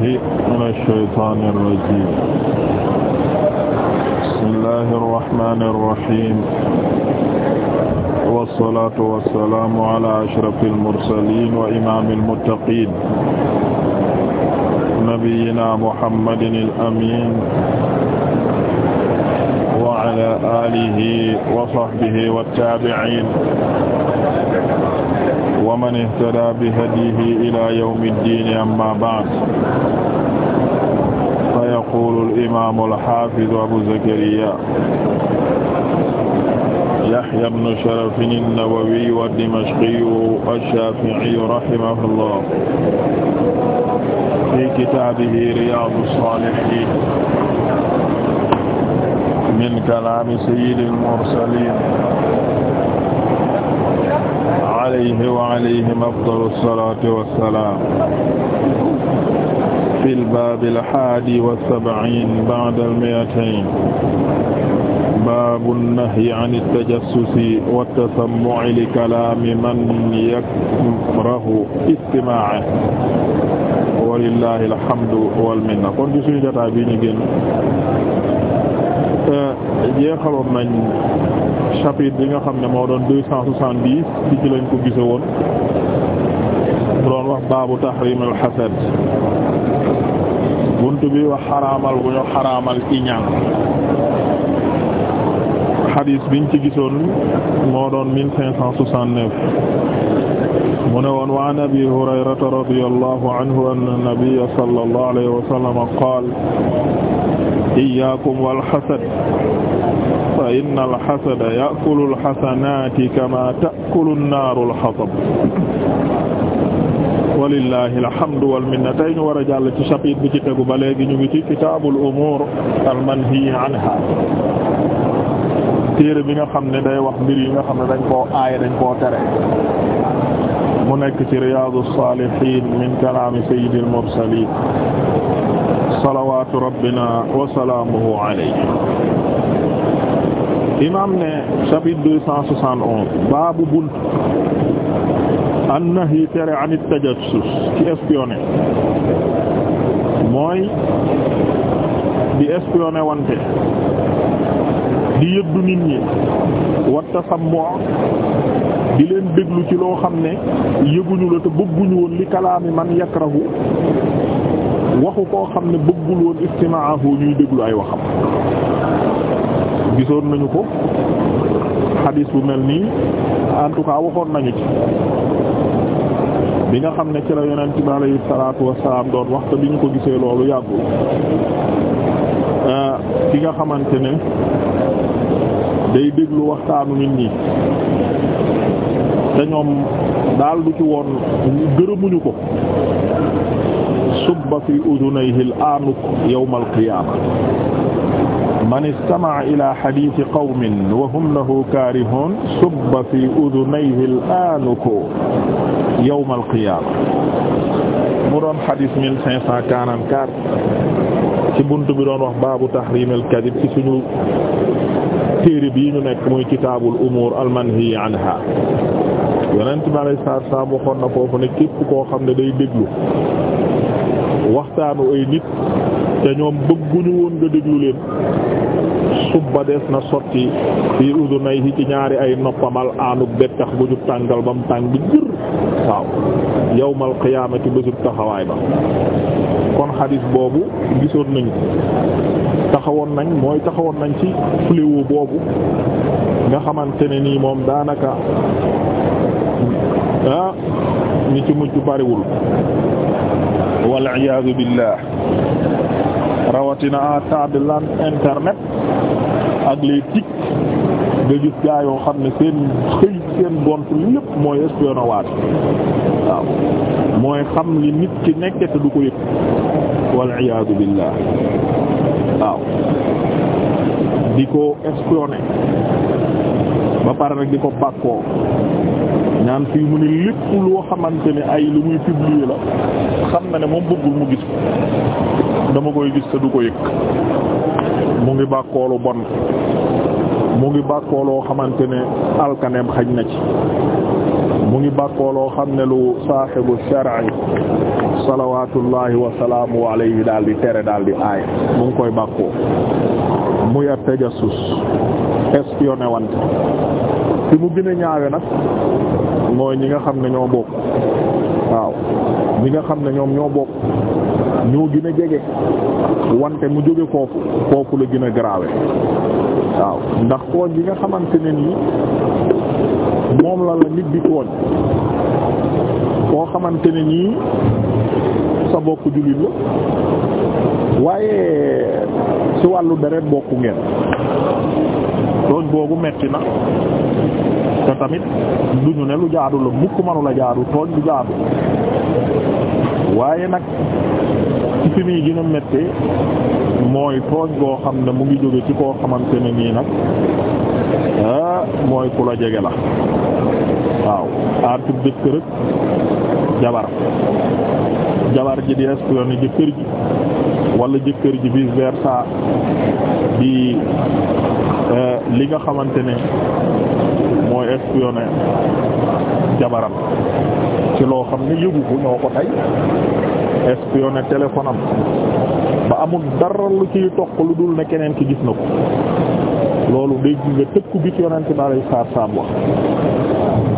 billahi minash shaytaanir rajiim bismillahir rahmaanir rahiim wassalaatu wassalaamu alaa ashrafil mursaliin wa imaamil muttaqiin nabiyyinaa muhammadinil amiin wa alaa aalihi wa sahbihi wat taabi'iin wa man ihtadaa bihadyihi ilaa yawmi ddiini amma ba'd fa yaquulu al-imaamu al-haafidu abu zakariyaa yahyaa ibnu sharafin an-nawawiyyu ad-dimashqiyyu ash-shaafi'iyyu rahimahullah fii kitaabihi riyaadu s-saalihiin min kalaami sayyidil mursaliin alayhi wa alayhim afdalu salaati wa salaam fil baabil haadi wa sab'iin ba'dal mi'atayn baabu nahyi ani tajassusi wa tasammu'i li kalaami man yakrahu istimaa'ahu wa lillaahil hamdu wal minna kon ci suñu jotaay bi ñu génn Euh, jeexaloon nañ chapitre bi nga xam ne moo doon deux cent soixante-dix ci ci lañ ko gise woon mu doon wax baabu tahrim al hasad bunt bi wax xaraamal bu ñu xaraamal iñaan xadiis biñ ci gisoon moo doon mil cinq cent soixante-neuf mu ne woon wa an abi hurayrata radiyallahu anhu anna nabiyya sallallahu alayhi wa sallam qaala iyyaakum wal hasad fa inna al hasada ya'kulu al hasanaati kamaa ta'kulu an-naaru al hatab walillahi alhamdu wal minna tey ñu war a jàll ci chapitre bi ci tegu ba léegi ñu ngi ci kitaabul umuur al manhiyyi anha téere bi nga xam ne day wax mbir yi nga xam ne dañ koo aaya dañ koo tere mu nekk ci Riyaadu Saalihiin min kalaami sayyidil mursaliin salawaatu rabbinaa wa salaamuhu alayhi imaam ne chapitre baabu bunt annahyi tere an tajassus ci espionner mooy di espionner wante di yëddu nit ñi watta sammo di leen déglu ci loo xam ne yëguñu la te bëgguñu woon li kalaami man yakrahu waxu koo xam ne bëggul woon istimaahu ñuy déglu ay waxam gisoon nañu ko xadiis bu mel nii en tout cas waxoon nañu ci bi nga xam ne ci la yonent bi alayhi salaatu wassalaam doon waxta bi ñu ko gisee loolu yàggul ki nga xamante ne day déglu waxtaanu nit ñi te ñoom daal du ci woon gërëmuñu ko subba fi udunayhi al-aanuk yawm al-qiyaama man istama'a ila hadithi qawmin wa hum lahu kaarihuun subba fi udunayhi al-aanuk yawm al-qiyaama mu doon hadith 1544 ci bunt bi doon wax baabu tahriim al-kadhib ci suñu téere bii ñu nekk muy kitaabul umuur al-manhiyyi anhaa yonent bi alayhi salaatu salaam waxoon na foofu ne képp koo xam ne day déglu waxtaanu ay nit te ñoom bëgguñu woon nga déglu leen subba des na sotti fii udunayhi ci ñaari ay noppamal aanuk bettax bu ñu tàngal ba mu tàng bi jër waaw yawmal qiyaamati bésub taxawaay ba kon xadis boobu gisoon nañu taxawoon nañ mooy taxawoon nañ ci fléau boobu nga xamante ne nii moom daanaka ah ñi ci mucc bariwul wal iyaadu billah rawatina à temps de l'internet ak les TIC gaa yoo xam ne seen xëy seen gont lépp mooy espionnage waaw mooy xam li nit ki nekk du ko yëg wal iyaadu billah waaw di ko espionner ba pare nag di ko bàkkoo ñaan fii mu ne lépp loo xamante ne ay lu muy publier la xam na ne moom bëggul mu gis ko dama koy gis te du ko yëg mu ngi bàkkoo lu bon mu ngi bàkkoo xamante ne alkaneem xaj na ci mu ngi bàkkoo xam ne lu saaxibu shar'i salawaatullahi wa salaamu alayhi daal di tere daal di aay mu ngi koy bàkkoo muy a tajassus espionné wante fi mu gën a ñaawe nag mooy ñi nga xam ne ñoo bokk waaw ñi nga xam ne ñoom ñoo bokk ñoo gën a jege wante mu jóge foofu foofu la gën a grave waaw ndax tooñ bi nga xamante ne nii moom la la nit bi tooñ koo xamante ne nii sa bokk jullit la waaye ci wàllu deret bokku ngeen tooñ boobu metti na te tamit duñu ne lu jaadu la mukk mënu la jaadu tooñ lu jaadu waaye nag ci fi muy gën a mooy tooñ goo xam ne mu ngi jóge ci koo xamante ne nii nag ah, mooy ku la jege la waaw entre jëkkër jabar jabar ji di espionner jëkkër ji wala jëkkër ji vice versa bi euh, li nga xamante ne mooy espionner jabaram ci loo xam ne yëgu ko ñoo ko tey espionner téléphone ba amul dara ci ciy toq lu dul ne keneen ki gis na ko loolu dégg nga tëkku bi ci yonente bi alay saar wax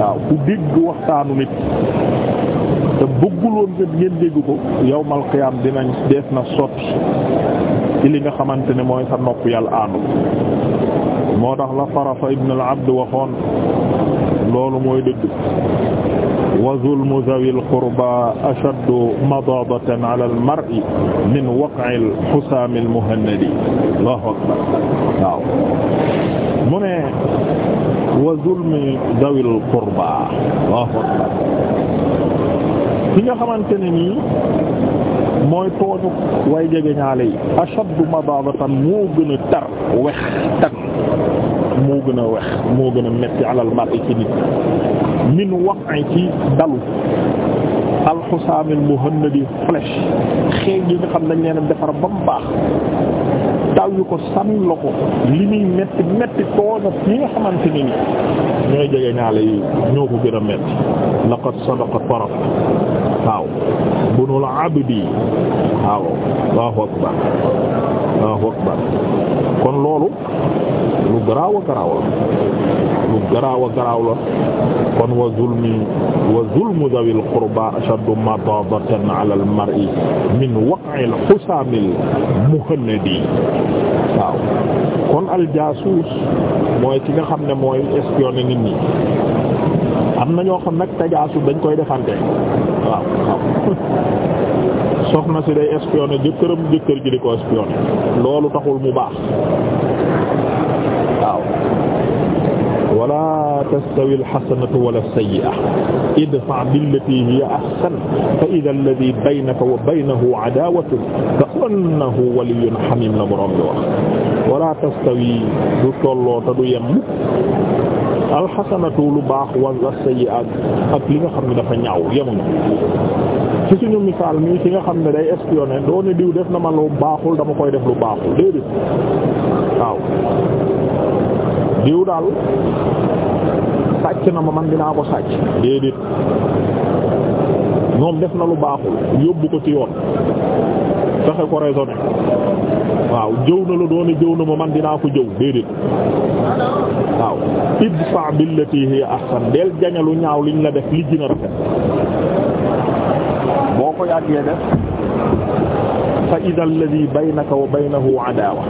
waaw ku dégg waxtaanu nit te bëggul woon ngeen dégg ko yawmal qiyaam dinañ def na sotti ci li nga xamante ne mooy sa nopp yàlla aanu moo tax la Tarafa ibn al-Abd waxoon loolu mooy dëgg wa zulmu zawil qurba ashaddu madaadatan ala al-mar'i min waq'i al-husaam al-muhannadi Allahu akbar waaw mu ne wa zulmu zawil qurba Allahu akbar fi nga xamante ne nii mooy tooñu way jege ñaale yi ashaddu madabatan moo gën a tar wex moo gën a wex moo gën a metti alal mar'i ci nit min waq'i ci dalu alxusaamil muhannadi flèche xeej yi nga xam dañ leen defar ba mu baax taw yu ko sànni la ko li muy metti metti tooñu yi nga xamante ne nii ñooy jege ñaale ñoo ko gën a metti laqad sadaqa taraf waaw bunul abdi waaw Allahu akbar Allahu akbar kon loolu lu garaaw a garaaw la lu garaaw a garaaw la kon wa zulmi wa zulmu zawil qurba ashaddu madadatan ala al mar'i min waq'il husamil muhannadi waaw kon al jaasuus mooy ki nga xam ne mooy espionner nit ñi am na ñoo xam nag tajaasus dañ koy defante waaw waaw soxna si day espionné jëkkëram jëkkër ji di ko espionné loolu taxul mu baax waaw wala tastawi alxasanatu wala sayyi'a idfa billati hiya ahsan fa idha alladhi baynaka wa baynahu adaawatun ka annahu waliyyun hamim la borom bi wax wala tastawi du tolloo te du yem alxasanatu lu baax wa sayyi'at ak li nga xam ne dafa ñaaw yemuñu ci suñu misaal mii ci nga xam ne day espionné doo ne diw def na ma lu baaxul dama koy def lu baaxul déedéet waaw diw daal sàcc na ma man dinaa ko sàcc déedéet moom def na lu baaxul yóbbu ko ci yoon texe ko raisonné waaw jëw na la doone jëw na ma man dinaa ko jëw déedéet waaw idfa billati hiya ahsan del jañalu ñaaw liñ la def li gën a rafet boo ko yàggee def fa idha alladhi baynaka wa baynahu adawa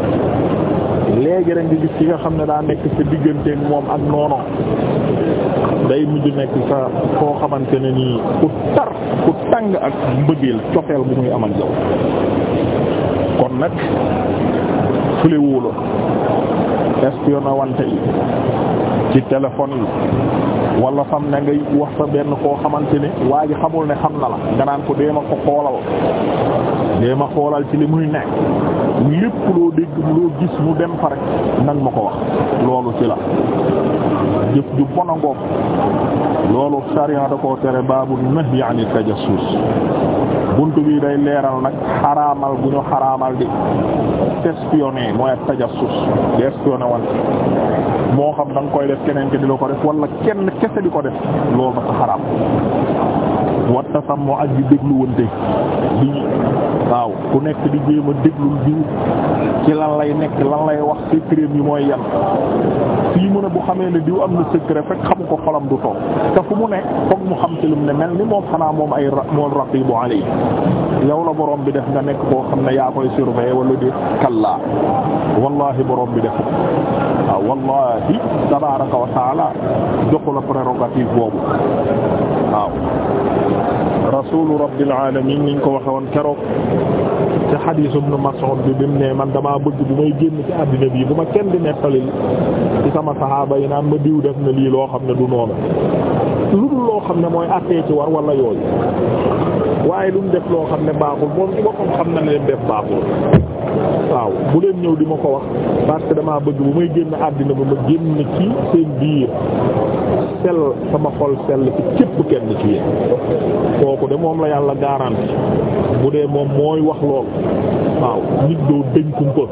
léegi rek gis ki nga xam ne daa nekk sa digganteeg moom ak noono day mujj nekk sa koo xamante ne nii ku tar ku tàng ak mbëggeel cofeel bu muy amal yow kon nag fule wóolo espionné wante yi ci téléphone yi wala fam na ngay wax sa benn koo xamante ne waa ji xamul ne xam na la nga naan ko deema ko xoolal deema xoolal ci li muy nekk lépp loo dégg loo gis mu dem fa rek nag ma ko wax loolu ci la jëf ju bon a ngoog loolu sariya da koo tere baabu nahyi ani tajassus buntu bi day leeral nag xaraamal bu ñu xaraamal di espionner mooy ak tajassus di espionner wante moo xam da koy def keneen ke di la ko def wala kenn kese di ko def loolu dafa xaraam watta sàmmo ak di dégluwante di waaw ku nekk di jéem a déglul diw ci lan lay nekk lan lay wax secret yi mooy yan fii mu ne bu xamee ne diw am na secret fekk xamu ko xolam du toog te fu mu ne foog mu xam ci lu mu ne mel ni moom xanaa moom ay moom raqibu alay la borom bi def nga nekk koo xam ne yaa koy surveiller wala di kallaa wallahi borom bi def waaw wallahi tabaraka wa taala joxu la prérogative boobu waaw rasulu rabbil alamin niñ ko waxe woon keroog ci xadiisu Ibn Mas'ud bi bi mu ne man damaa bëgg bu may génn ci àddina bi bu ma kenn di nettalil ci sama saxaaba yi naan ma diw def na lii loo xam ne du noonu lu dul loo xam ne mooy attee ci war wala yooyu waaye lu mu def loo xam ne baaxul moom ci boppam xam na ne def baaxul waaw bu leen ñëw di ma ko wax parce que damaa bëgg bu may génn àddina ba ma génn ci seen biir sell sama xol sell ci képp kenn ci yéen kooku de moom la yàlla garanti bu dee moom mooy wax lool waaw nit doo dénkum ko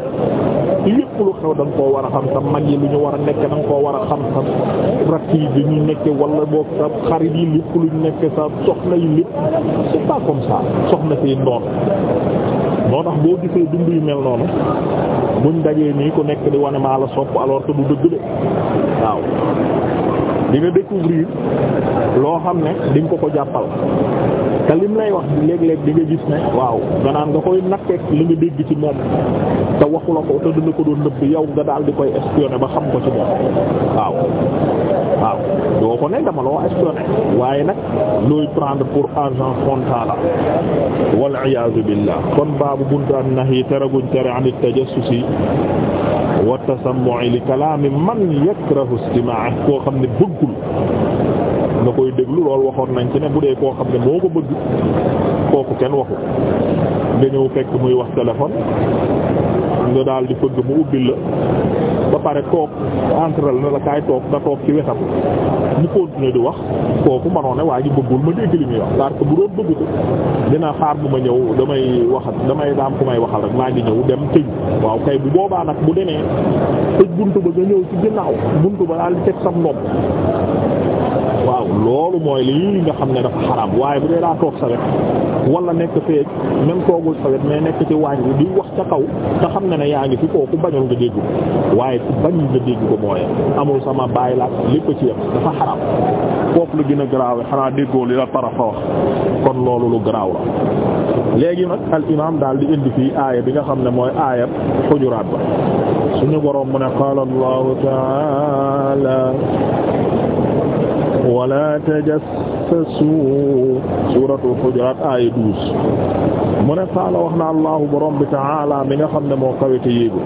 lépp lu xew da nga koo war a xam sa mag yi lu ñu war a nekk da nga koo war a xam sa rakk yi bi ñu nekk wala boog sa xarit yi lépp lu ñu nekk sa soxna yi lépp c'est pas comme ça soxna si noonu loo tax boo gisee dund yu mel noonu buñ dajee nii ko nekk di wane maa la sopp alors que du dëgg de waaw di nga découvrir loo xam ne di ko ko jàppal te lim lay wax léeg-léeg di nga gis ne waaw nga naan nga koy natteeg li nga dégg ci moom te waxu la ko te dina ko doon nëbb yow nga daal di koy espionner ba xam ko ci moom waaw waaw doo ko ne dama loo espionner waaye nag looy prendre pour argent comptant la wal iyaazu billah kon baabu buntaan nax yi teraguñ tere anit tajassusi wa tasammu'i li kalaami man yakrahu istima'ahu koo xam ne bëggul nga koy déglu loolu waxoon nañ ci ne bu dee koo xam ne moo ko bëgg kooku kenn waxu nga ñëw fekk muy wax téléphone nga daal di fëgg mu ubbil la ba pare toog entral na la kaay toog nga toog ci wetam mu continuer di wax kooku manoon ne waa ji bëggul ma dégg li muy wax que bu doon bëgg ko dina xaar bu ma ñëw damay waxat damay daam ku may waxal rek maa ngi ñëw dem tëj waaw kay bu boobaa nag bu demee tëj buntu ba nga ñëw ci ginnaaw buntu ba daal di teg loolu mooy lii nga xam ne dafa xaraam waaye bu dee daa toog sa wet wala nekk fee même toogul sa wet mais nekk ci waañ bi di wax ca kaw te xam ne ne yaa ngi fi kooku bañul nga dégg ko waaye ku bañul nga ko mooy amul sama bàyyi laat lépp ci yam dafa xaraam kooku lu gën a garaawe xanaa déggoo li la tarafa wax kon loolu lu garaaw la léegi nag al imaam daal di indi fii aaya bi nga xam ne mooy aaya xujuraat ba suñu boroom bu ne qaala Allahu ta'ala wala tajassasu suuratul Hujurat aaya douze mu ne qaala wax na Allahu borom bi ta'ala mi nga xam ne moo kawite yéegu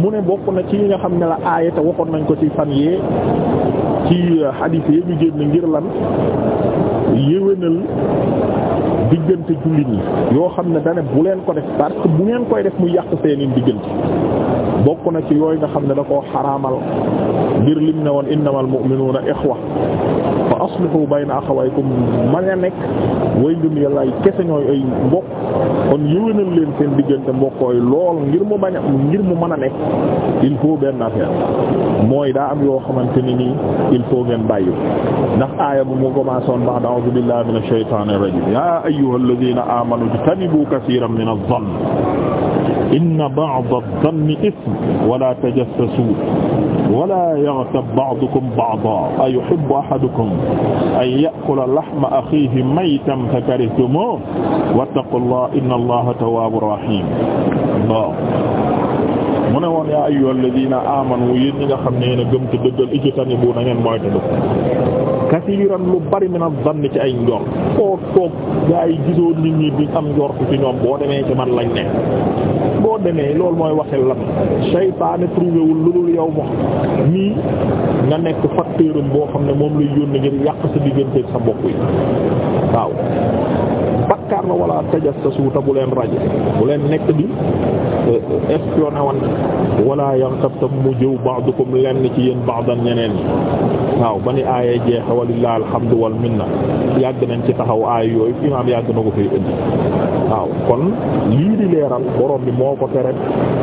mu ne bokk na ci nga xam ne la aaya te waxoon nañ ko ci fan yee ci xadiis yi ñu génn ngir lan yéwénal diggante jullit yi yoo xam ne dane bu leen ko def parce que bu ngeen koy def mu yàq seeni diggante bokk na ci yooyu nga xam ne da koo xaraamal ngir lim ne woon innamal mu'minuuna ixwa fa aslihu bayna axawaykum ma nga nekk way ngëm yàlla ay kese ñooy ay mbokk kon yëwénal leen seen diggante mbokkooy lool ngir mu bañ a ngir mu mën a nekk il faut benn affaire mooy daa am yoo xamante ni nii il faut ngeen bàyyi ndax aaya bu mu commencé woon ba'da a'uuzu billahi minash shaytaanir rajiim yaa ayyuhal ladiina aamanu ijtanibu kasiiran minaz zann inna ba'da zanni ism wala tajassasu wala yaghtab ba'dukum ba'dan ayuhibbu ahadukum an ya'kula lahma akhihi maytan fakarihtumuuhu wattaqullaha inna allaha tawwaabur rahiim mu ne woon yaa ayyuhal ladiina aamanu yéen ñi nga xam ne yéen a gëm te dëggal ijtanibu na ngeen moytandiku kasiiran lu bari min az-zann ci ay njor koo toog gaa yi gisoo nit ñi bi am njor ci ñoom boo demee ci man lañ ne boo demee loolu mooy waxee lam seytaane trouvé wul lu dul yow moom nii nga nekk facteur boo xam ne moom lay yónni ngir yàq sa diggante sa mbokk yi waaw la wala tajassasu ta bu leen rajo bu leen nekk di euh, espionné wan wala yanqab ta mu jëw ba'dukum lenn ci yéen ba'dan ñeneen ñi waaw ba ni aaya jeexe walillahi alhamdu wal minna yàgg nañ ci taxaw aaya yooyu imaam yàgg na ko fay indi waaw kon lii di leeral borom bi moo ko tere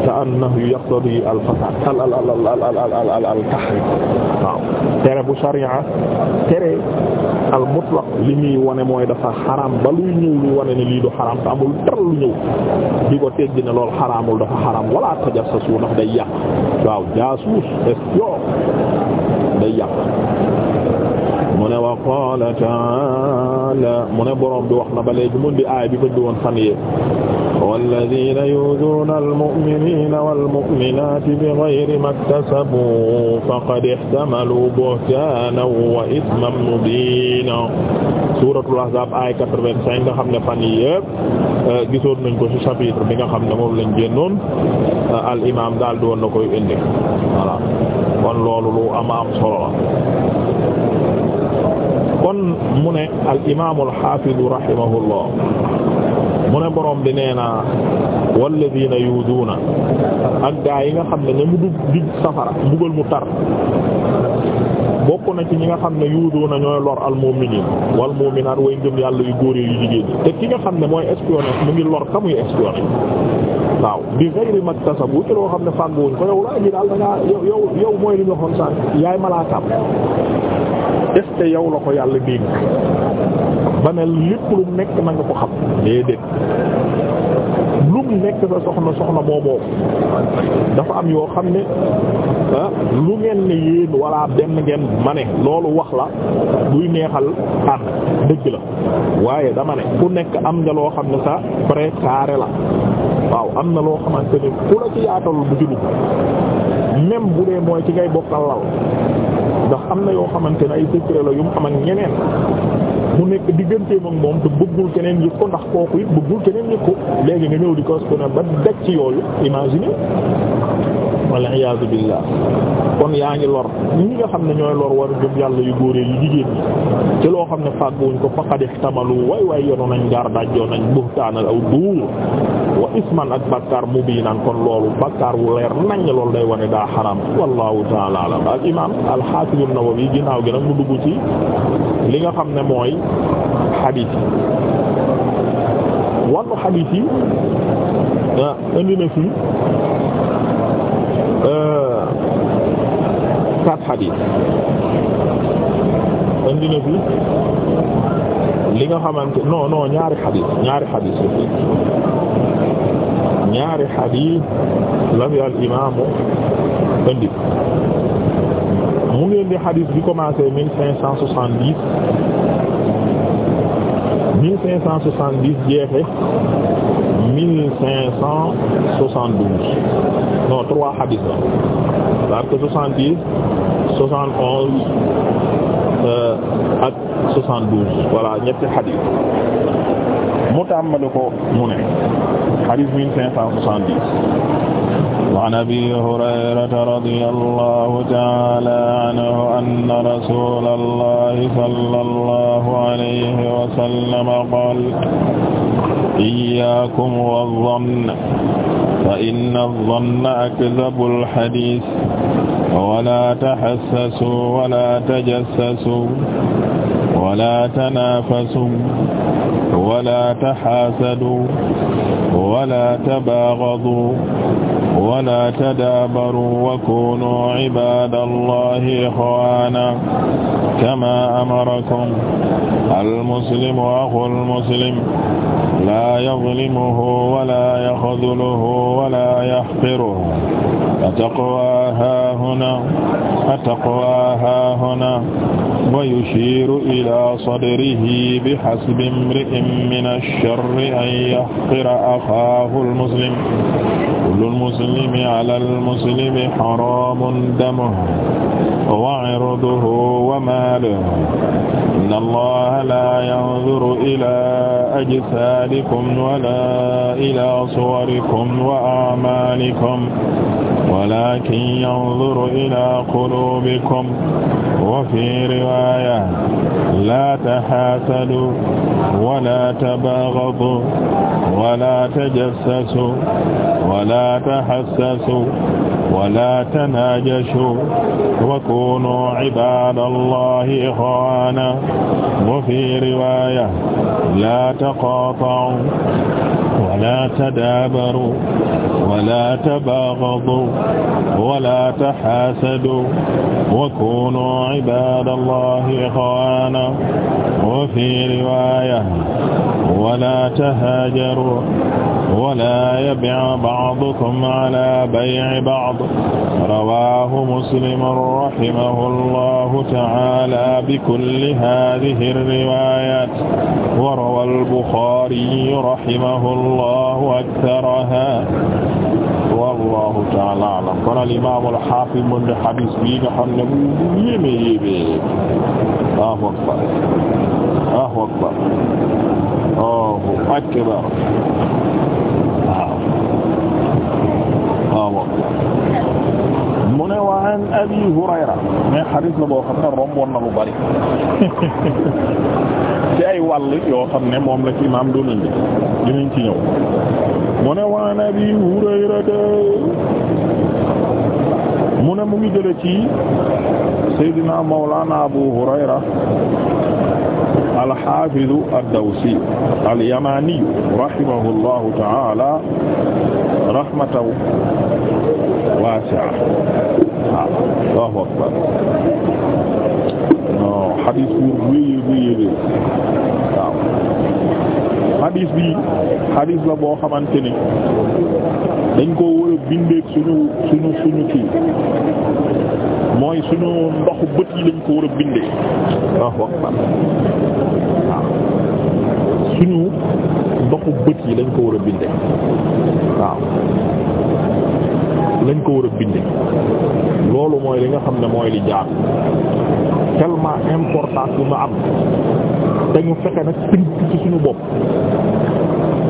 te annahu yaqtadi al fasad al al al al al al tahrim waaw tere bu sharia tere al mutlaq li muy wane mooy dafa xaraam ba luy ñëw lu wane ne lii du xaraam te amul dara lu ñëw di ko teggi ne lool xaraamul dafa xaraam wala tajassasu ndax day yàq waaw jaasuus day yàq mu ne wa qaala ta'ala ta'ala mu ne borom bi wax na ba léegi mun di aay bi ko di woon fan yee walladina yu'duna almu'minina walmu'minati bighayri maktasabu faqad ihtamalu buhtaanan wa ithman mubiina suuratul ahzaab aay 85 nga xam ne fan yi yëpp eh, gisoon nañ ko ci chapitre bi nga xam ne moom lañ génnoon eh, al imaam daal di woon na koy indi voilà kon loolu lu ama am solo la mu ne al imaam al xaafid rahimahullah mu ne borom bi nee na walladina yuuduuna ak yi nga xam ne ña mu dugg dig safara mbugal mu tar bokk na ci ñi nga xam ne yuuduuna ñooy lor al mu'miniin wal mu'minaat way ngëm yu góor yu jigéen te ki nga xam ne mooy espionné mu ngi lor ka muy espionné waaw bi ghayri maktasabu ci loo xam ne fàgguwuñ ko yow laa ji daal da ngaa yow mooy li ñu waxoon yaay malaakaam est-ce yow la ko yàlla dégg ba ne lépp lu nekk na nga ko xam déedéet lu mu nekk sa soxna soxna booboo dafa am yoo xam ne ah lu ngeen ne yéen walla benn ngeen ma ne loolu wax la buy neexal ànd dëgg la waaye dama ne ku nekk am nga loo xam ne sa kaare la waaw am na loo xamante ne ku la ci yaatal bu ci dugg bu dee mooy ci ngay bokkal lal ndax am na yoo xamante ne ay secret la yu mu am ak ñeneen mu nekk diggante moom moom te bëggul keneen yëg ko ndax kooku it bëggul keneen yëg ko léegi nga ñëw di ko ne ba daj ci yooyu imagine wal iyaadu billaah kon yaa ngi lor ñi nga xam ne ñooy lor war jëm yàlla yu góor yu jigéen ñi ci loo xam ne fàgguwuñ ko faqad ihtamalu way way yoonu nañ gaar dajjoo nañ buhtaanal aw duur isman ak bakkaar mubiinan kon loolu bakkaar wu leer nañ loolu day wane daa xaram wallahu taala alam al imam al nawawi ginnaaw gi nag mu dugg ci li nga xam ne mooy xadiis yi wàllu xadiis yi ah, indi na fi eh, quatre xadiis indi li nga xamante non non ñaari xadis ñaari xadis ñaari xadis la fi al imaamu indi mu ngi indi xadis bi commencé mille cinq cent soixante dix mille cinq cent soixante dix jeexe mille cinq cent soixante douze non trois xadis la parce soixante dix soixante onze euh, ak 72 voilà ñetti xadis mu tàmbali ko mu ne xadis 1570 وعن أبي هريرة رضي الله تعالى عنه أن رسول الله صلى الله عليه وسلم قال إياكم والظن فإن الظن أكذب الحديث ولا تحسسوا ولا تجسسوا ولا تنافسوا ولا تحاسدوا ولا تباغضوا ولا تدابروا وكونوا عباد الله إخوانا كما أمركم المسلم أخو المسلم لا يظلمه ولا يخذله ولا يحقره التقوى هاهنا التقوى هاهنا ويشير إلى صدره بحسب امرئ من الشر أن يحقر أخاه المسلم كل المسلم muslimi ala al-muslimi haramun damuhu wa irduhu wa maaluhu inna allaha laa yanzuru ilaa ajsaadikum wa laa ilaa suwarikum wa a'maalikum walakin yanzuru ilaa quluubikum wa fii riwaaya laa taxaasadu wala tabaagadu wala tajassasu wala tahassasu wala tanaajashu wa kuunuu cibaadallaahi ixwaanan wa fii riwaaya laa taqaata'uu wala tadaabaruu wala tabaagadu wala taxaasadu wa kuunu cibaadallaahi ixwaana wa fii riwaaya wala tahaajaru wala yabic bacdukum calaa bayci bacd rawaahu muslim rahimahu llaahu tacaala bikulli haadihi riwaayaat wa rawaa al-buxaariyu rahimahu llaahu aktarahaa wallahu taala alam kon al imam al hafiz mën de hadis bi nga xam ne bu yéeme yéeme Allahu akbar Allahu akbar Allahu akbar waaw mu ne wa an abi hurayra mais hadis la boo xam ne romboon na lu bari ci ay wàll yoo xam ne moom la ci imam doon indi dinañ ci ñëw mu ne waan Abi Hurayrata mu ne mu ngi jële ci Seydina Mawlana Abu Hurayra al-Haafidu ad-Dawsi al-Yamaniyu rahimahullahu ta'ala rahmatan waasi'a waaw Allahu akbar non xadis bu wéyee wéyee waaw xadis bi xadis la boo xamante ni dañ koo war a suñu suñu suñu mooy suñu ndoxu bët yi lañ ko war a bindee waaw wax suñu ndoxu bët yi lañ ko war a bindee waaw lañ ko war a binde loolu mooy li nga xam ne mooy li jaar tellement important bu ma am te ñu fexe nag tënk ci suñu bopp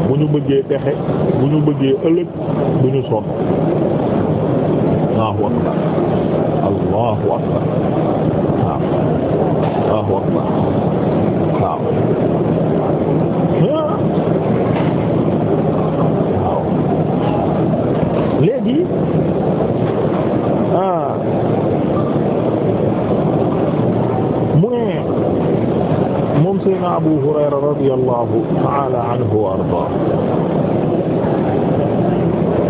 bu ñu bëggee texe bu ñu bëggee ëllëg bu ñu sonn allahu akbar allahu akbar waaw waaw yi ah mu ne moom Seydina Abu Hurayra radiyallahu ta'ala anhu wa ardaa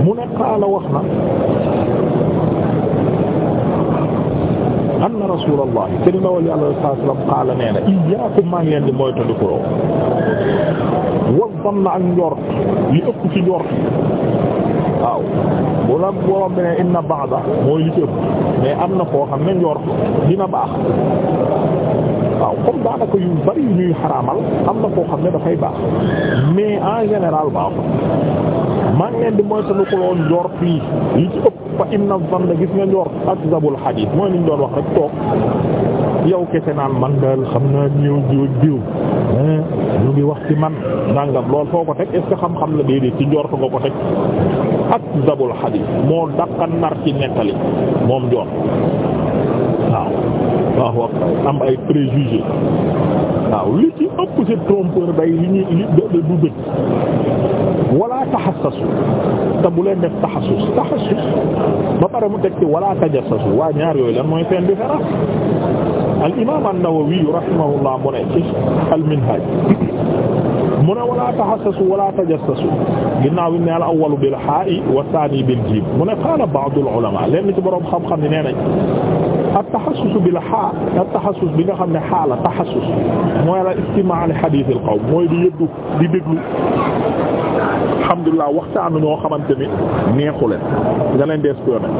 mu ne qaala wax na anna rasulallah kene ndawal yàlla sallallahu alayhi wa sallam qaala nee na iyyaakum maa ngi leen di moytandiku wa zanna ak njort li ëpp ci njort waaw la borom bi ne inna ba'da mooy li ci ëpp mais am na koo xam ne njort dina baax waaw comme daanaka yu bari yu ñuy xaraamal am na koo xam ne dafay baax mais en général baaxul maa ngi leen di moytandiku loon njort yi li ci ëpp fa inna zanna gis nga njort akzabul hadith mooy li ñu doon wax rek toog yow kese naan man daal xam naa ñëw jiw jiw. ñu ngi wax ci man nangam lool foo ko teg est xam-xam la déedéet ci njort nga ko teg ak dabul xadiis moo dàqa nar ci nettali moom njort waaw waaw wax am ay préjugé waaw li ci ëpp ci trompeur day li ñuy li du dëgg wala taxassasu te bu leen def taxassus taxassus ba pare mu teg ci wala tajassasu waa ñaar yooyu lan mooy seen différence al imaam an-Nawawi rahimahullah mu ne ci al-Minhaj mu ne wala tahassasu wala tajassasu ginnaaw yi ne al awwalu bil haa'i wa thani bil jiim mu ne qaala ba'd al ulama lenn ci boroom xam-xam ne nee nañ at-tahassus bil haa at-tahassus bi nga xam ne haa la tahassus mooy la istimaa' li hadiith al qawm mooy di yëddu di déglu alhamdulillah waxtaanu ñoo xamante ni neexu leen nga leen di espionner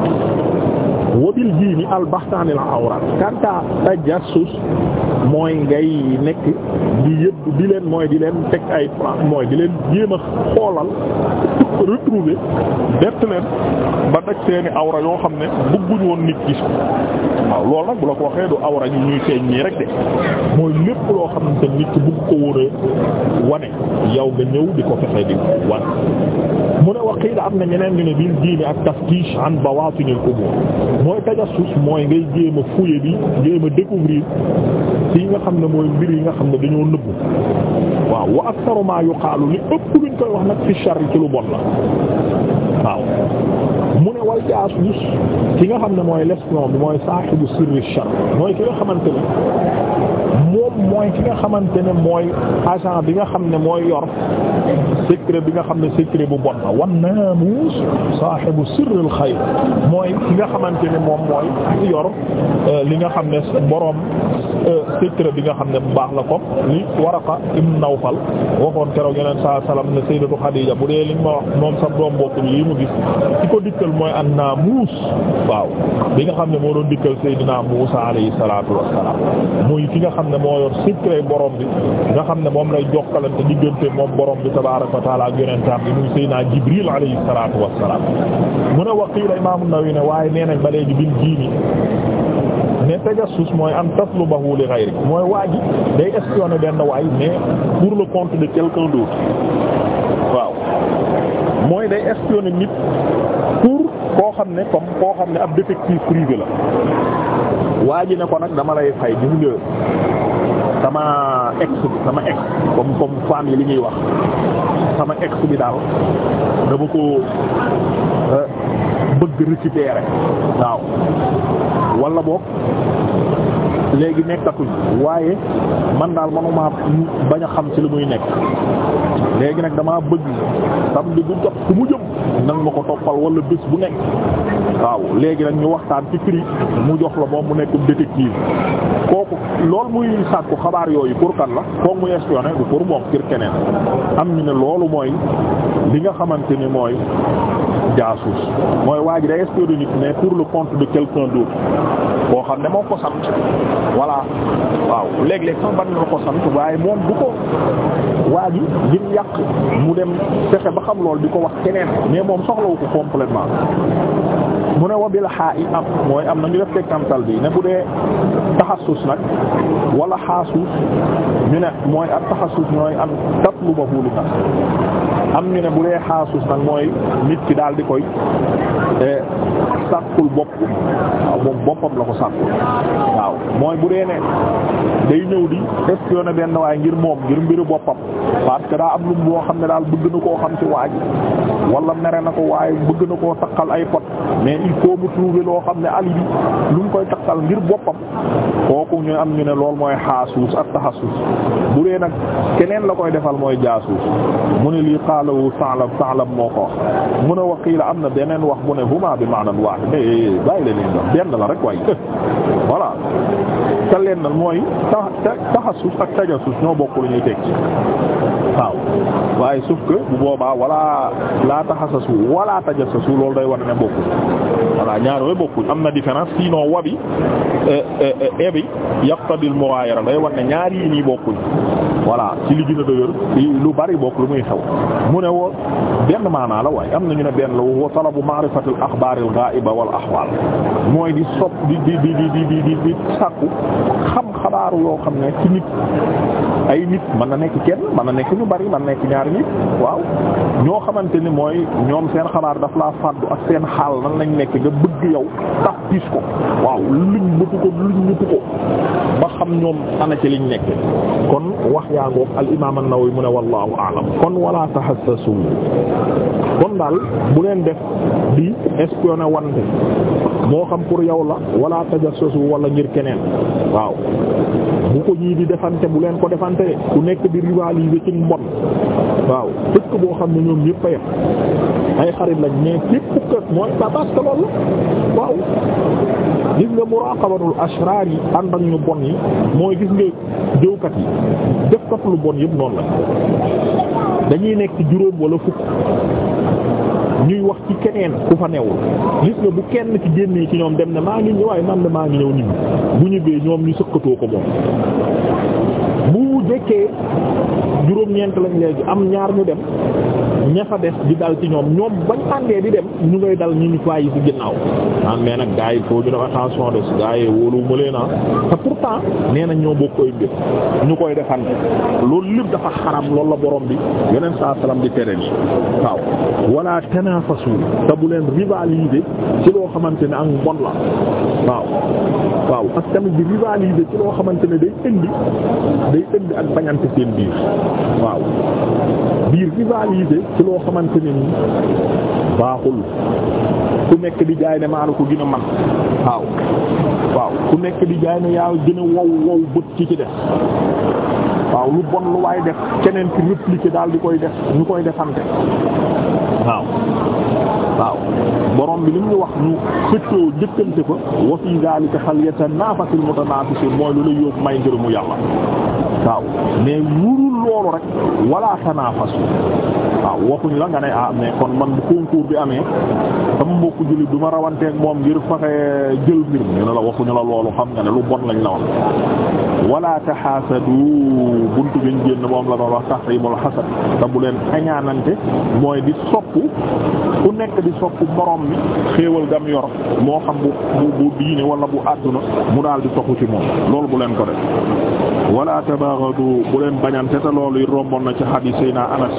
wa bil jiimi al baxtaanil awraat kanta tajassus mooy ngay nekk di yëpp di leen mooy di leen teg ay plan mooy di leen jéem a xoolal retrouver bett leen ba daj seeni awra yoo xam ne bëgguñu woon nit gis ko waaw loolu nag bu la ko waxee du awra ñu ñuy feeñ nii rek de mooy lépp loo xam ne nit ki ko wóoree wane yow nga ñëw di ko fexe di wane mu ne wax kii da am na ñeneen ñu ne bil diini ak taftish an bawatinil qubur mooy tajassus mooy ngay jéem a fouiller bi jéem a yi nga xam ne mooy mbir yi nga xam ne dañoo nëbbu waaw wa aktaru ma yuqaalu li ëpp luñ koy wax nag fi sharri ci lu bon la waaw mu ne wal jaasuus ki nga xam ne mooy l'espion bi mooy saaxibu sirri shar mooy ki nga xamante ne moom mooy ki nga xamante ne mooy agent bi nga xam ne mooy yor secret bi nga xam ne secret bu bon la wan naamuus saahibu sirril xayr mooy ki nga xamante ne moom mooy yor euh, li nga xam ne boroom euh, secret bi nga xam ne bu baax la ko li Waraqa ibn Nawfal waxoon keroog yeneen saa salaam ne Sayyidatu Xadiija bu dee liñ ma wax moom sa doom mbokk bi gis ki ko dikkal mooy an waaw bi nga xam ne moo doon dikkal Seydina Muusa alayhi salaatu wassalaam muy ki nga xam ne moo yor secret boroom bi nga xam ne moom lay jokkalante diggante moom boroom bi tabaarak wa taala ak mu ne waqiila Imaam ne waaye nee nañ ba léegi bil mooy waa ji day espionner benn waay mais pour le waaw mooy day espionner nit pour koo xam ne comme koo xam ne ab détective privé la waa ji ne ko nag dama lay fay di mu sama ex bi ex comme comme li ñuy wax sama ex bi daal dama ko euh, bëgg récupérer waaw wala boog léegi nekkatuñ waaye man daal manuma bañ a xam ci la muy nekk léegi nag damaa bëgg samedi bu jot fu mu jëm nag ma ko toppal walla bés bu nekk waaw léegi nag ñu waxtaan ci prix mu jox la moom mu nekk détective kooku loolu muy sàkku xabaar yooyu pour kan la foog muy espionné du pour moom ngir keneen am ñu ne loolu mooy li nga xamante ni mooy jaasuus mooy waa ji day espionné nit mais pour le compte de quelqu'un d'autre boo xam ne moo ko sant voilà waaw léeg-léeg sax ban la ko sant waaye moom du ko waa ji ngir yàq mu dem fexe ba xam lool di ko wax keneen mais moom soxlawu ko complètement mu ne wabil xaa i am mooy am na ñu def tegtamtal bi ne bu dee taxassus nag wala xaasuus ñu ne mooy ak taxassus ñooy am yatlubahu li tax am ñu ne bu dee xaasus nag mooy nit ki daal di koy e, sàkkul bopp waaw moom boppam la ko sàkkul waaw mooy bu dee ne day ñëw di espionné benn waaye ngir moom ngir mbiru boppam parce que daa am lu boo xam ne daal bëgg na koo xam ci waaj wala mere na ko waaye bëgg na koo takkal ay pot mais il faut mu trouver loo xam ne alibi lu mu koy takkal ngir boppam kooku ñu am ñu ne loolu mooy xaasuus ak taxasuus bu dee nag keneen la koy defal mooy mooy jaasuus mu ne lii xaalawu saalab saalab moo ko wax mu ne wa qiila am na beneen wax bu ne huma bi maanan waahid bàyyi leen wax benn la rek waaye voilà te lennal mooy ta taxasus ak tajasus ñoo bokk lu ñuy teg waaw waaye sauf bu boobaa wala laa taxasasu wala tajasasu loolu day war ne bokkul voilà ñaarooy bokkul am na différence sinon wabi ebi yaqtadi al mughayara ñaar yi nii ci li gën lu bari bokk lu muy xew mu ne woo benn maanaa la waaye am na ñu ne benn la wa talabu ma'rifati al akhbar al ghaiba wal ahwal mooy di sopp di di di di di di di sàkku xam xabaaru yoo xam ne ci nit ay nit mën na nekk kenn mën na nekk ñu bari mën nekk ñaari nit waaw ñoo xamante ni mooy ñoom seen xabaar daf laa fàddu ak seen xaal nan lañ nekk nga bëgg yow tax piis ko waaw luñ bëtu ko luñ bëtu ko ba xam ñoom ana ci liñ nekk kon wax yaa ngoog al imaam an-Nawawi mu ne wallahu a'lam kon wala tahassasu kon daal bu leen def di espionner wante moo xam pour yow la wala tajassasu wala ngir keneen waaw bu ko ñii di defante bu leen ko defante de ku nekk di rivaliser ci mbon waaw dëkk boo xam ne ñoom yëpp a yem ay xarit lañ mais képp kër mooy ba parce que loolu waaw gis nga muraqabatul ashrar yi ànd ak ñu bon yi mooy gis nga jëwkat yi defkat lu bon yëpp noonu la dañuy nekk juróom wala fukk ñuy wax ci keneen ku fa newul gis nga bu kenn ci génnee ci ñoom dem na maa ngi ñëw waaye man de maa ngi ñëw nit bu ñëbee ñoom ñu sëkkatoo ko moom bu jekkee juróom-ñeent lañ léegi am ñaar ñu dem ña fa des di dal ci ñoom ñoom bañ àndee di dem ñu ngay dal ñu nit waaye yi ci ginnaaw ah mais nag gars yi foo ñu def attention de si gars yi wóoluwuma leen ah te pourtant nee nañ ñoo koy mbir ñu koy defante loolu lépp dafa xaram loolu la borom bi yeneen saa salaam di tere nii waaw wala tanafasu te bu leen rivaliser ci loo xamante ne ak mbon la waaw waaw ak tamit di rivaliser ci loo xamante ne day indi day indi ak bañante seen biir waaw biir rivaliser ci loo xamante ne nii baaxul ku nekk di jaay ne maa ko gina man waaw waaw ku nekk di jaay ne yaa gën a wow wow bët ci ci def waaw lu bon lu waay def keneen ci répliquer daal di koy def ñu koy defante waaw waaw borom bi li mu wax ñu xëccoo njëkkante fa wa fii zalika falyatanafasul mutanaafisun mooy lu lay yóbbu may ngërëmu yàlla waaw mais wurul loolu rek wala tanaafasu waaw waxuñ la nga ne ah mais kon man bu concours bi amee sama mbokku jullit du ma rawanteek moom ngir fexe jël mbir mi ñu ne la waxuñu la loolu xam nga ne lu bon lañ la wax wala taxaasadu buntu biñ génn moom la doon wax tahrimul hasad te bu leen añaanante mooy di soppu ku nekk di soppu morom bi xéewal gam yor moo xam bu bu diine wala bu àdduna mu daal di toxu ci moom loolu bu leen ko def wala tabaghadu bu leen bañante te loolu yi romboon na ci hadith Seydina Anas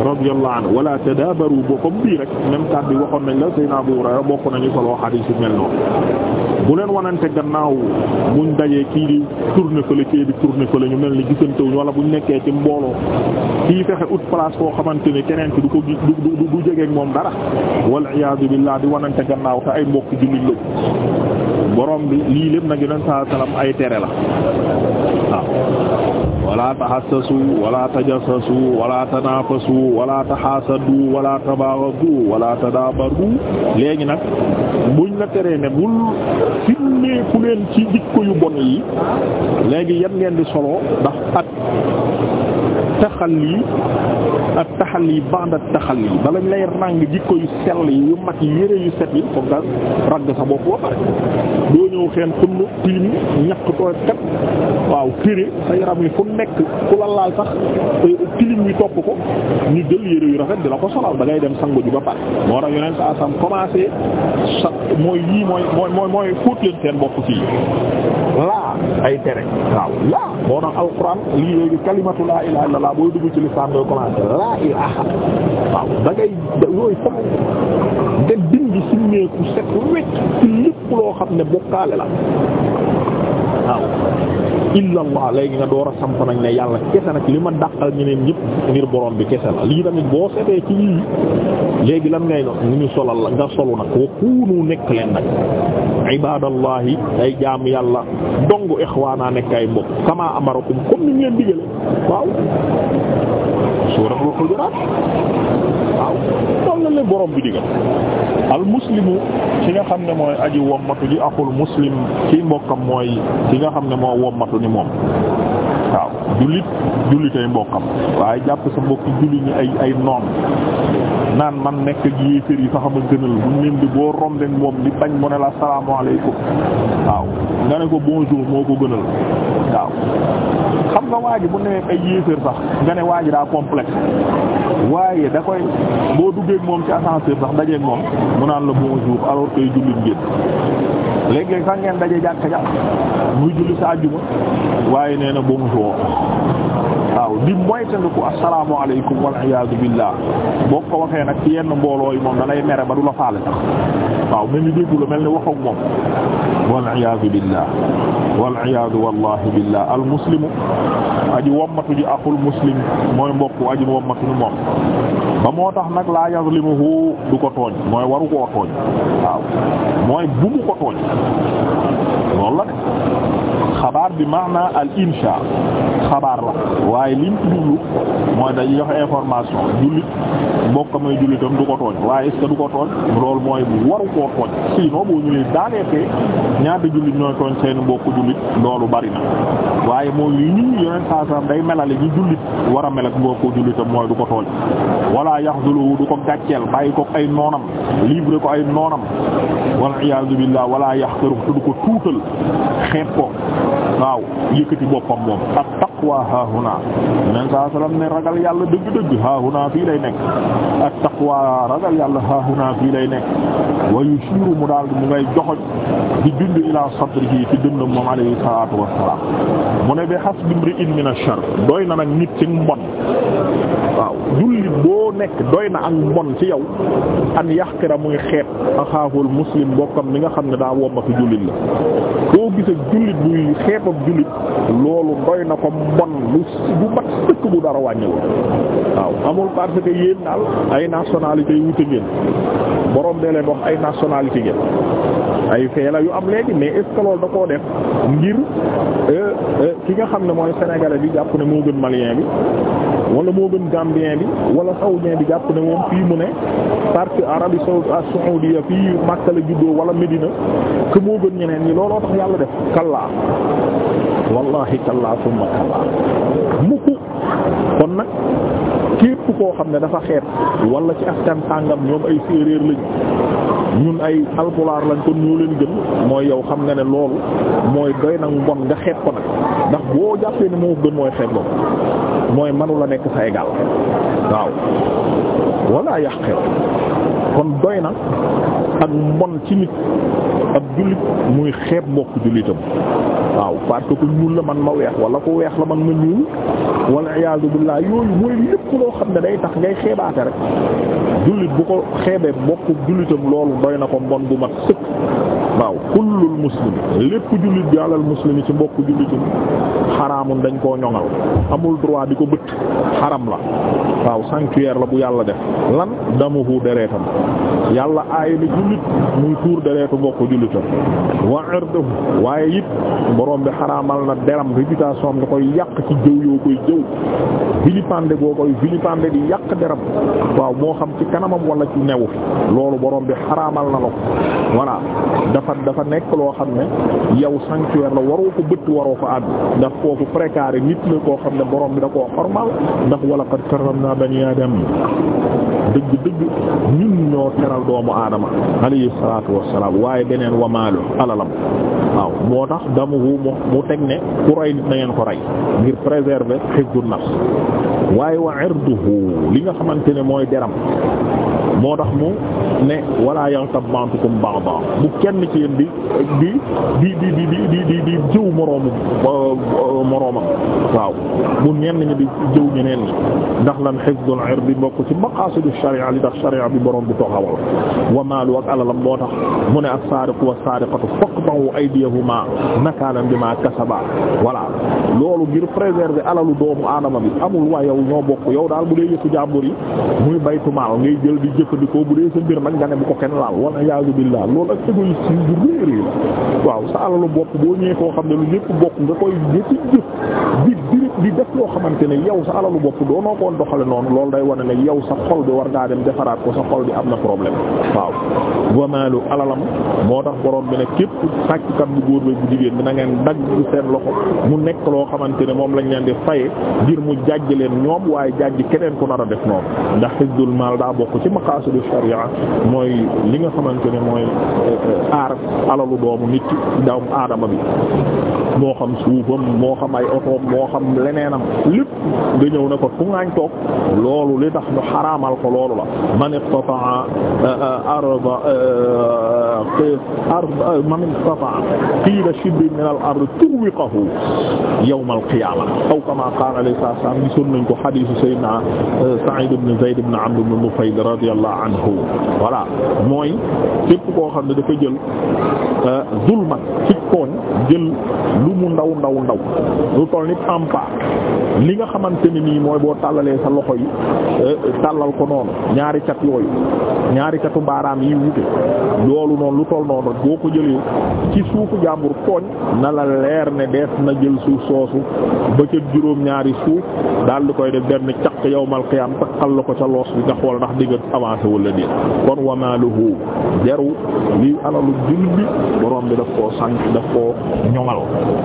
radiyallahu anhu wala tadabaru boppam bii rek même tat bi waxoon nañ la Seydina Abu Hurayra bokk nañu solo hadith yu mel noonu bu leen wanante gannaaw buñ dajee kii di tourner fële kii di tourner fële ñu mel ni gisantewuñ wala buñ nekkee ci mbooloo kii fexe ut place koo xamante ni keneen ki du ko du du du jegeeg moom dara wal iyaadu billah di wanante gannaaw te ay mbokk jullit lañ borom bi lii lépp nag yonent saa ay tere la waaw wala tahassasu wala tajassasu wala tanafasu wala tahasadu wala tabaghadu wala léegi nag buñ la teree ne bul simmeeku leen ci jikko yu bon yi léegi yan ngeen di solo ndax at taxalli ak taxalli ba'da taxalli bala ñu lay ràng jikko yu sell yi yu mat yi yére yu set yi foog nga ragg sa bopp ba pare doo ñëw xeen xunn tiim ñaq tooy kat waaw téré sa yaram yi fu nekk ku la laal sax tilim wi topp ko ñu jël yére yu rafet di ko solal da dem sangu ji ba pare moo tax yeneen sa sam commencé mooy yii mooy mooy mooy mooy fóot leen seen bopp fii ay tere waaw laa moo tax alquran lii léegi kalimatu laa ilaha illallah booy dugg ci lislaam ngay commencé laa ilaha waaw da ngay yooyu foog nga set wecc ci lépp loo xam ne bokkaale la waaw illallah léegi nga door a samp nag ne yàlla kese nag li ma dàqal ñeneen ñëpp ngir borom bi kese la lii tamit boo setee ci lii léegi lan ngay nu ñu solal la nga solu nag wa kuunu nekk leen nag ibadallahi ay jaam yàlla dong ixwaana nekk ay mbokk kama amarakum comme ni ñu leen digale waaw suuratul Hujuraat waaw loolu leen borom bi digal al muslimu ki nga xam ne mooy aji wommatu ji akul muslim kii mbokkam mooy ki nga xam ne moo wommatu ni moom waaw jullit jullitay mbokkam waaye jàpp sa mbokki jullit ñi ay ay noon naan man nekk ak yéeféer yi sax ma gënal buñ leen di boo rombeek moom di bañ mu ne la assalaamu alaykum waaw nga ne ko bonjour moo ko gënal waaw nga waa ji bu newee ay yéeféer sax nga ne waa ji daa complexe waaye da koy boo duggee moom ci ascenseur sax dajeeg moom mu naan la bonjour alors que jullit ngeen léeg-léeg sax ngeen daje jàkka ja muy julli sa àjjuma waaye nee na bonjour waaw di moytandiku assalaamu alaykum wal iyaadu billah boo ko waxee nag ci yenn mbooloo yi moom da lay mere ba du la faale sax waaw mel ni déggu la mel ni waxoog moom wal iyaadu billah wal wallahi billah al aji wommatu ji akul muslim mooy mbokk aji wommatu ñu moom ba moo tax nag laa yazlimuhu du ko tooñ mooy waru koo tooñ waaw mooy bu ko tooñ loolu la xabaar bi maana al insha xabaar la waaye liñ ci jublu mooy dañuy joxe information jullit mbokk mooy jullitam du ko tooñ waaye est-ce du ko tooñ loolu mooy waru koo tooñ sinon boo ñu leen daaneetee ñaata jullit ñooy tooñ seen mbokku jullit loolu bari na waaye mooy li ñu yeneen saa day melale ñu jullit war a mel ak mbokku jullitam mooy du ko tooñ walla yaxdulu du ko gàcceel bàyyi ko ay noonam livrer ko ay noonam wal iyaazu billaah walla du ko tuutal xeet waaw yëkkati boppam moom taqwa haahuna men saa sallam ne ragal yàlla dëgg-dëgg haahuna fii lay nekk ak taqwa ragal yàlla haahuna fii lay nekk wa yushiru mu daal mu ngay joxoj di bind ilaa sadrihi ci dëndam moom alayhi salaatu wassalaam mu ne bi hasbi imri'in min ash-sharr doy na nag nit ci mbon waaw jullit boo nekk doy na ak mbon ci yow an yahqira muy xeet axaahul muslim bokkam mi nga xam ne daa wommatu jullit la koo gis ak jullit buy xeet ak jullit loolu doy na ko bon lu bu mat sëkk bu dara wàññiwul waaw amul parce que yéen daal ay nationalité yu wute ngeen borom de leen ay nationalité ngeen ay feela yu am léegi mais est ce que loolu da koo def ngir euh, euh, ki nga xam ne mooy sénégalais bi jàpp ne moo gën malien bi wala moo gën gambien bi wala saoudien bi jàpp ne moom fii mu ne parce que Arabie ah, saoudiya fii Makka la juddoo wala Médina que moo gën ñeneen yi looloo tax yàlla def kallaa wallahi kallaa summa kallaa mukk kon nag képp koo xam ne dafa xeet wala ci askan sàngam ñoom ay séeréer lañ ñun ay alpulaar lañ kon ñoo leen gën mooy yow xam nga ne loolu mooy doy nag mbon nga xeet ko nag ndax boo jàppee ne moo gën mooy xeet mooy manu nekk sa égal waaw wala yàqel kon doy na ak mbon ci nit ak jullit muy xeeb mbokk jullitam waaw parce que ku ñuul la man ma weex wala ku weex la man ma ñuul wala iyaadu billaah yooyu mooy lépp loo xam ne day tax ngay xeebaate rek jullit bu ko xeebee mbokk jullitam loolu doy na ko mbon bu mat sëkk waaw kullul muslimi lépp jullit bi alal muslimi ci mbokk jullitum xaraamun dañ koo ñoŋal amul droit di ko bët xaram la waaw sanctuaire la bu yàlla def lan damuhu dereetam yàlla aaya na jullit muy tuur dereetu mbokk jullitam wa irdahu waaye it boroom bi xaraamal na deram réputation am nga koy yàq ci jëw yoo koy jëw vilipender boo koy vilipender di yàq deram waaw moo xam ci kanamam wala ci newu loolu boroom bi xaraamal na la ko voilà dafa dafa nekk loo xam ne yow sanctuaire la waroo ko bëtt waroo ko àdd ndax foofu précaire nit la koo xam ne borom bi da koo xormal ndax wala qad karramna bani aadam dëgg dëgg ñun ñoo teral doomu aadama alayhi salaatu wassalaam waaye beneen wamaalu alalam waaw moo tax damu mu mu teg ne ku rey nit na ngeen ko rey ngir préserver hifdu nafs waaye wa irduhu li nga xamante ne mooy deram moo tax mu ne wala yaghtab ba'dukum ba'dan bu kenn ci yéen di di di di di di di di jëw moroomu euh, moroomam waaw bu ñenn ñi di jëw ñeneen ñi ndax lan hifdul ird bi bokk ci maqaasidu sharia li tax sharia bi borom bi toxawal wa maalu ak alalam moo tax mu ne as-saariqu was-saariqatu faqta'u aydiyahumaa nakaalan bimaa kasabaa voilà loolu ngir préserver alalu doomu aadama bi amul waa yow ñoo bokk yow daal bu dee yëfu jàmbur yi muy baytu maal ngay jël di jëfandikoo bu dee sa mbir nag nga ne bu ko kenn laal wala yaazu billah loolu ak égoïsme bu réerée la waaw sa alalu bopp boo ñëwee koo xam ne lu ñëpp bokk nga koy ñëppi jëf di dirib def loo xamante ne yow sa alalu bopp doo doonoo koon doxale noonu loolu day wane ne yow sa xol bi war ngaa dem defaraat ko sa xol bi am na problème waaw vamaalu alalam moo tax borom bi ne képp sàcckat bu góor bi bu jigéen bi nangeen ngeen dagg seen loxo mu nekk loo xamante ne moom lañ leen di faye ngir mu jàjj leen ñoom waaye jàjj keneen ku a def maqaasidu sharia mooy li nga xamante ne mooy eh, aar alalu doomu nit doomu aadama bi moo xam suufam moo xam ay otoom moo xam leneenam lépp nga ñëw na ko fu ngaañ toog loolu li tax ñu xaraamal ko loolu la man iqtata'a eh, eh, arda ard man iqtata'a qiila shibrin min al ard turwiqahu yawm al qiyaama aw kama qaala alayhi salaam gisoon nañ ko hadiisu sayyidina Sa'id ibn Zayd ibn Amr ibn Nufayl radiyallahu radiyallahu voilà mooy képp koo xam ne dafa jël euh, zulma ci tooñ jël lu mu ndaw ndaw ndaw lu toll nit ampa li nga xamante ni nii mooy boo tàllalee sa loxo yi euh, tàllal ko noonu ñaari cat yooyu ñaari catu baaraam yi wute loolu noonu lu toll noonu boo ko jëlee ci suufu jàmbur tooñ na la leer ne dees na jël suuf soosu ba ca juróom ñaari suuf daal di koy def benn caq yawmal qiyaam takkal la ko ca loos bi nga xool ndax digg avant commencé wala déet kon wamaaluhu deru lii alalu jullit bi bi daf koo sànq daf koo ñoŋal